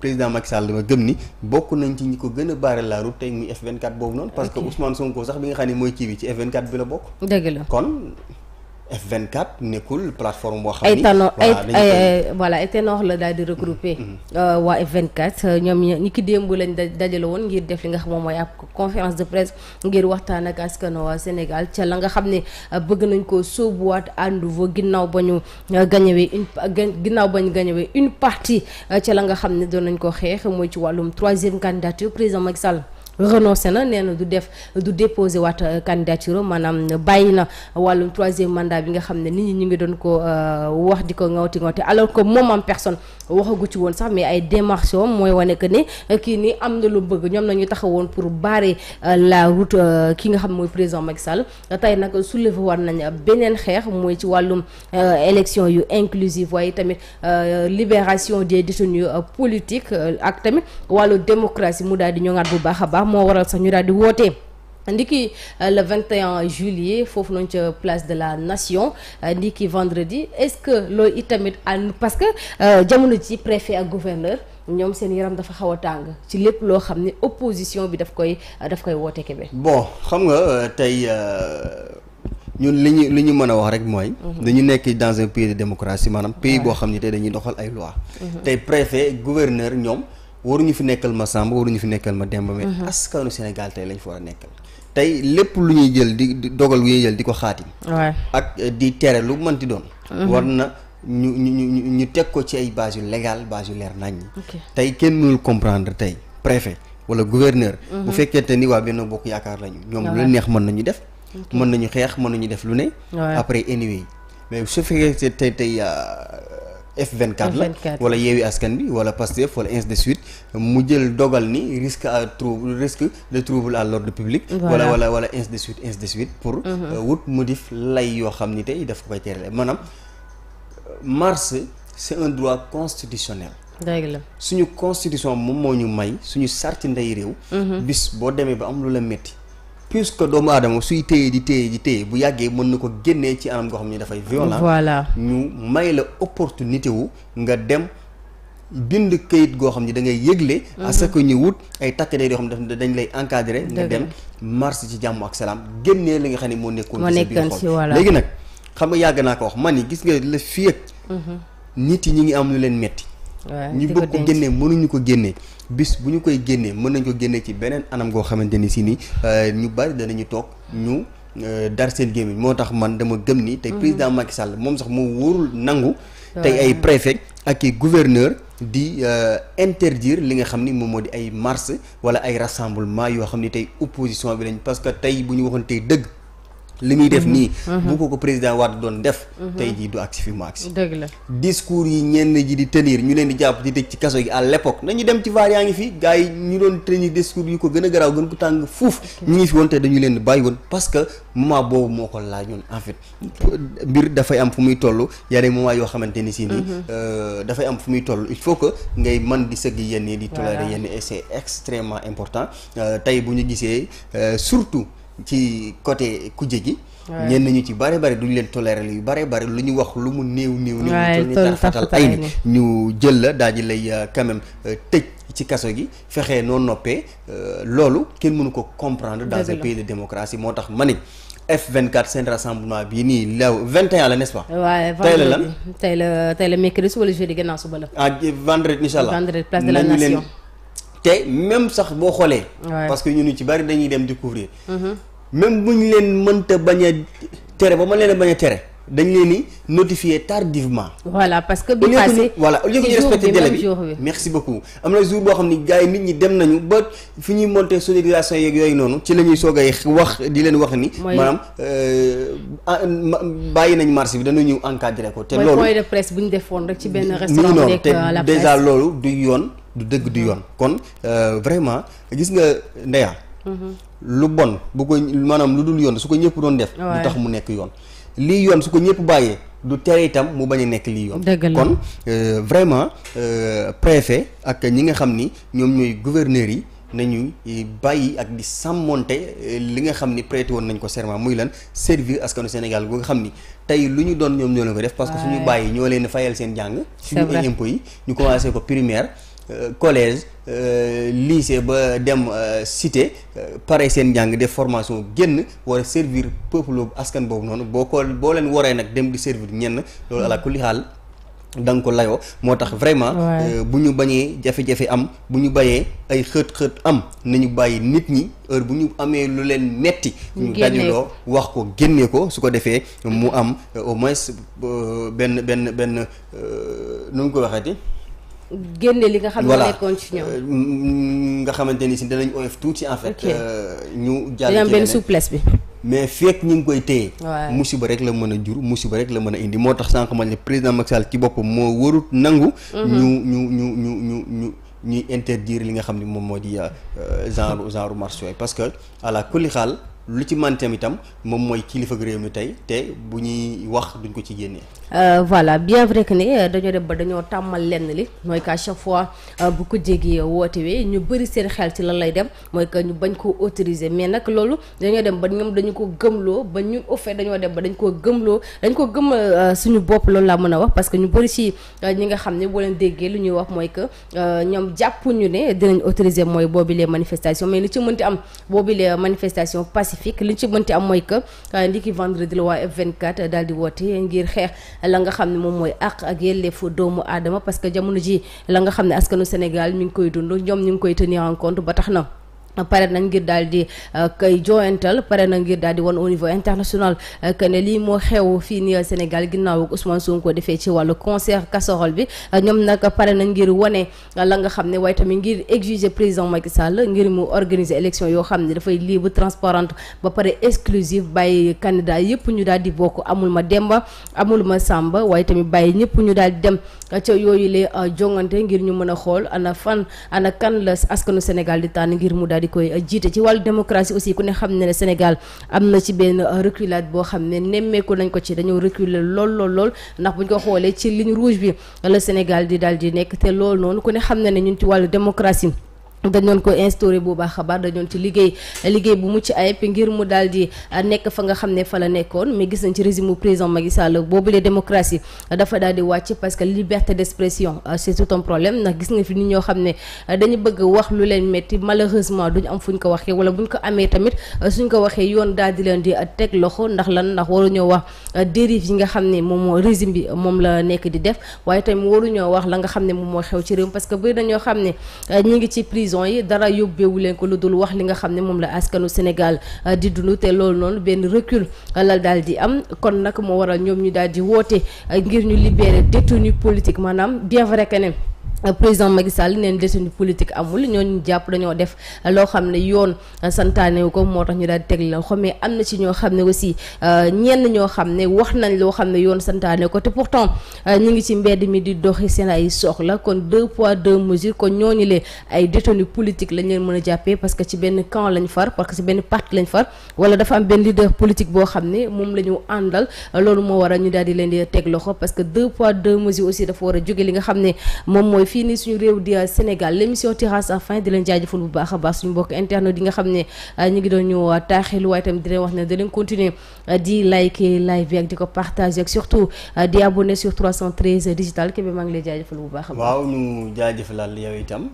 président Macky Sall dama gëm ni bokk nañ ci ñi ko gën a baare la route tey muy F24 boobu noonu. parce que Ousmane Sonko sax bi nga xam ne mooy kii bi ci F24 bi la bokk. dëgg la F24 nekkul plateforme boo xam ni ay ténor ay voilà ay ténor la daal di regrouper mm-hmm. euh, waa F24 euh, ñoom ñi ki démb lañ dajale woon ngir def li nga xam moom mooy ab conférence de presse ngir waxtaan ak askanu waa Sénégal ca la nga xam ne euh, bëgg nañ koo sóobuwaat à nouveau ginnaaw ba ñu gañewee une ginnaaw ba ñu une partie ca la nga xam ne doon nañ ko xeex mooy ci wàllum troisième candidature président Macky Sall renoncé na nee na du def du déposé waat euh, candidature maanaam bàyyi na wàllum troisième mandat bi nga xam ne nit ñi ñu ngi doon ko euh, wax di ko ngawti ngawti alors que moom am personne waxagu ci woon sax mais ay démarches mooy wane que ni euh, kii nii am na lu bëgg ñoom nañu taxawoon pour barrer la route ki nga xam mooy président Macky Sall tey nag soulever war nañ beneen xeex mooy ci wàllum élection yu inclusive waaye tamit libération des détenus politiques ak tamit wàllu démocratie mu daal di ñoŋaat bu baax a baax moo waral sax ñu daal di woote. ndiki euh, le 21 juillet foofu noonu ca place de la nation euh, ndiki vendredi est-ce que loolu itamit ànd parce que euh, jamono ji préfet ak gouverneur ñoom seen yaram dafa xaw a tàng ci lépp loo xam ni opposition bi daf koy daf koy woote Kébé. bon xam nga tey ñun li ñu li ñu mën a wax rek mooy. Mhm. dañu nekk dans un pays de démocratie maanaam pays boo xam ne tey dañuy doxal ay loi mhm. tey préfet gouverneur ñoom. waruñu fi nekkal ma Samba waruñu fi nekkal ma Demba mais mhm. askanu Sénégal tey lañ fa war a nekkal tey lépp lu ñuy jël di dogal gu ñuy jël di ko xaatim ak euh, di tere lu mënti doon mhm. war na ñu ñu ñu ñu teg ko ci ay base yu légal base yu leer nañ tey kenn mënul comprendre tey préfet wala gouverneur mhm. bu fekkente ni waa benn bokk yaakaar lañu ñoom lu leen neex mën nañu def mën nañu xeex mën nañu def lu ne après anyway mais su fekkee tey tey euh, F24 la wala yeewi askan bi wala Pastef wala ainsi de suite mu jël dogal ni risque à trouble risque de trouble à l'ordre public wala wala wala ainsi de suite ainsi de suite pour mhm. euh, wut modif lay yoo xam ni tey daf ko koy teerale maanaam mars c'est un droit constitutionnel dëgg la suñu constitution moom moo ñu may suñu sarti ndey réew mhm. bis boo demee ba am lu la métti puisque doomu aadama suy téye di téye di téye bu yàggee mën na ko génnee ci anam goo xam ne dafay violent voilà ñu may la opportunité wu nga dem bind kayit goo xam ne da ngay yëgle mhm. à ce que ñu wut ay takk-der yoo xam ne dañ lay encadrer nga dem marche ci jàmm ak salaam génnee li nga xam ne moo nekkoon ci biir xol léegi nag xam nga yàgg naa ko wax man yi gis nga la fii ak nit yi ngi am lu leen metti ñu bëgg ko génnee mënuñu ko génnee bis bu ñu koy génnee mën nañ ko génnee ci beneen anam goo xamante ni si ni euh, ñu bari danañu toog ñu euh, dar seen gémmiñ moo tax man dama gëm ni tey mm. président Macky Sall moom sax moo wóorul nangu tey ay préfet ak i gouverneur di euh, interdire li nga xam ni moom moo di ay marche wala ay rassemblement yoo xam ni tey opposition bi lañ parce que tey bu ñu waxoon tey dëgg li muy def mhm. nii. Mhm. bu ko ko président Wade doon def. Mhm. tey jii du agsi fi mu agsi. dëgg la discours yi ñenn ji di tenir ñu leen di jàpp di tëj ci kaso gi à l'époque nañu dem ci vaar yaa ngi fi gars yi ñu doon tenir discours yu ko gën a garaaw gën ko tàng fuuf. ñu ngi fi woon dañu leen bàyyi woon parce que moment boobu moo ko laajoon en fait. mbir dafay am fu muy toll yaa des moments yoo xamante ni si nii. Euh, dafay am fu muy toll il faut que ngay man di sëgg yenn yi di. tolérer yenn et c'est important euh, tey bu ñu gisee euh, surtout. ci côté kuje gi. ñenn ñu ci bare bare duñ leen tolérer yu bare bare lu ñu wax lu mu néew néew. néew ñu toll fatal ay ni ñu jël la daa ji lay euh, quand même euh, tëj ci kaso gi fexe noo noppee euh, loolu kenn mënu ko comprendre. dans un pays de démocratie moo tax ma ne F24 seen rassemblement bii nii law 21 la n'est-ce pas. waaw tey la lan tey la tey la mercredi wala jeudi gannaaw suba la. ah vendredi incha allah vendredi place de la nation te même sax boo xoolee. parce que ñun ci bari dañuy dem découvrir. Mm-hmm. même bu ñu leen mënta bañ a tere ba ma leen a tere dañ leen ni notifier tardivement. voilà parce que bi passé voilà au lieu que ñu respecté délai bi merci beaucoup am na jour boo xam ni gars nit ñi dem nañu ba fi ñuy monter sonorisation yeeg yooyu noonu ci la ñuy soog wax di leen wax ni. maanaam euh, bàyyi nañ marché bi danañu encadré ko. te loolu mooy point bu ñu defoon rek ci benn restaurant bu nekk euh, la presse loolu du yoon du dëgg du yoon mm. kon euh, vraiment gis nga Ndeya. lu bon bu ko maanaam lu dul yoon su ko ñëpp doon def. du tax mu nekk yoon. lii yoon su ko ñëpp bàyyee du tere itam mu bañ a nekk lii yoon. kon euh, vraiment euh, préfet ak ñi nga xam ni ñoom ñooy gouverneurs yi. nañu bàyyi ak di sàmmonte euh, li nga xam ni prêté woon nañ ko serment muy lan servir askanu Sénégal bu nga xam ni tey lu ñu doon ñoom ñoo leen ko def parce que suñu bàyyi ñoo leen fayal seen jàng suñu impôts yi ñu commencé ko primaire collège euh, lycée ba dem euh, cité euh, pare seen njàng def formation génn war a servir peuple askan boobu noonu boo ko boo leen waree nag dem di servir ñenn loolu ala kulli xaal da nga ko layoo moo tax vraiment bu ñu bañee jafe-jafe am bu ñu bañee ay xët-xët am ñu bàyyi nit ñi heure bu ñu amee lu leen metti ñu dajaloo wax ko génnee ko su ko defee mu am au moins benn benn benn nu ñu ko waxeeti génne li nga xam ne nekkoon ci ñoom euh, nga xamante ni si danañ oyof tuuti en fait. Euh, ñu jàll ci am benn souplesse bi. mais fekk ñu ngi koy téye. ba rek la mën a jur ba rek la mën a indi moo tax sànq ma ni président Macky Sall ci boppam moo warut nangu. Mhm. ñu ñu ñu ñu ñu ñu. ñuy interdire li nga xam ni moom moo di euh, genre genre marché parce que à la xaal lu ci man tam itam moom mooy kilifa réew mi tey te bu ñuy wax duñ ko ci génnee. Euh, voilà bien vrai que ne euh, dañoo dem ba dañoo tàmmal lenn li mooy qu'à chaque fois euh, bu ko jéggi woote wee ñu bëri seen xel ci lan lay dem mooy que ñu bañ koo autoriser mais nag loolu dañoo dem ba ñoom dañu ko gëm loo ba ñu au dañoo dem ba dañ koo loo dañ ko gëm suñu bopp loolu laa mën a wax parce que ñu bëri si ñi nga xam ne boo leen déggee lu ñuy wax mooy que ñoom jàppuñu ne dinañ autoriser mooy boobu les manifestations mais li ci mënti am boobu les manifestations pacifiques pacifique li ñu ci mënti am mooy que euh, ndiki vendredi la waa F24 daal di woote ngir xeex la nga xam ne moom mooy àq ak yelleefu doomu aadama parce que jamono ji la nga xam ne askanu Sénégal mi ngi koy dund ñoom ñu ngi koy tenir en ba tax na pare na ngir daal di euh, koy jooyantal pare na ngir daal di wan au niveau international euh, que ne lii moo xew fii nii Sénégal ginnaaw ak Ousmane Sonko defee ci wàllu concert casserole bi euh, ñoom nag pare na ngir wane la nga xam ne waaye tamit ngir exiger président Macky Sall ngir mu organiser élection yoo xam ne dafay libre transparente ba pare exclusive bàyyi candidat yëpp ñu daal di bokk amul ma Demba amul ma Samba waaye tamit bàyyi ñëpp ñu daal di dem ca yooyu lee jongante ngir ñu mën a xool ana fan ana kan la askanu Sénégal di tànn ngir mu daal di koy uh, jiite ci wàllu démocratie aussi ku ne xam ne Sénégal am na ci benn uh, reculade boo xam ne nemmeeku nañ ko ci dañoo reculer lool lool lool ndax buñ ko xoolee ci ligne rouge bi la Sénégal di daal di nekk te lool noonu ku ne xam ne ne ñun ci wàllu démocratie dañoon ko instauré bu baax a baax dañoon ci liggéey liggéey bu mucc ayib ngir mu ah, ci régime parce que liberté d'expression ah, ñoo xam ne ah, dañu lu leen métti malheureusement duñ am fuñ ko waxee wala buñ ko amee tamit suñ ko waxee yoon daal di leen di teg loxo ndax lan ndax waruñoo wax yi nga xam ne moom moo régime bi moom la di def waaye tamit waruñoo wax la nga xam moo ngi ci prison élection dara yóbbeewu leen ko lu dul wax li nga xam ne moom la askanu Sénégal euh, di dund te lool noonu benn recul euh, la daal di am kon nag moo waral ñoom ñu daal di woote euh, ngir ñu libérer détenu politique maanaam bien vrai ne Euh, président Macky Sall neen détenu amul ñooñu jàpp dañoo def loo xam ne yoon euh, santaane ko moo tax ñu daal di teg la loxo mais am ñoo ne aussi euh, ñenn ñoo xam ne wax nañ yoon santaane ko te pourtant ñu ngi ci mbedd mi di doxi seen ay soxla kon deux poids deux mesures kon ñooñu lee ay détenu politique lañ leen parce que moo waral ñu daal di leen di teg loxo deux poids deux mesures aussi dafa war a jóge li nga xam ne moom mooy fii nii suñu réew di euh, Sénégal l'émission tira sa fin di leen jaajëfal bu baax a baax suñu mbokk internet yi nga xam ne euh, ñu ngi doon ñu euh, taaxelu waaye tamit di leen wax na da leen continuer di like live bi ak di ko partager ak surtout di abonné sur 313 digital Kébé maa ngi lay jaajëfal bu baax a baax waaw ñu jaajëfalal yow itam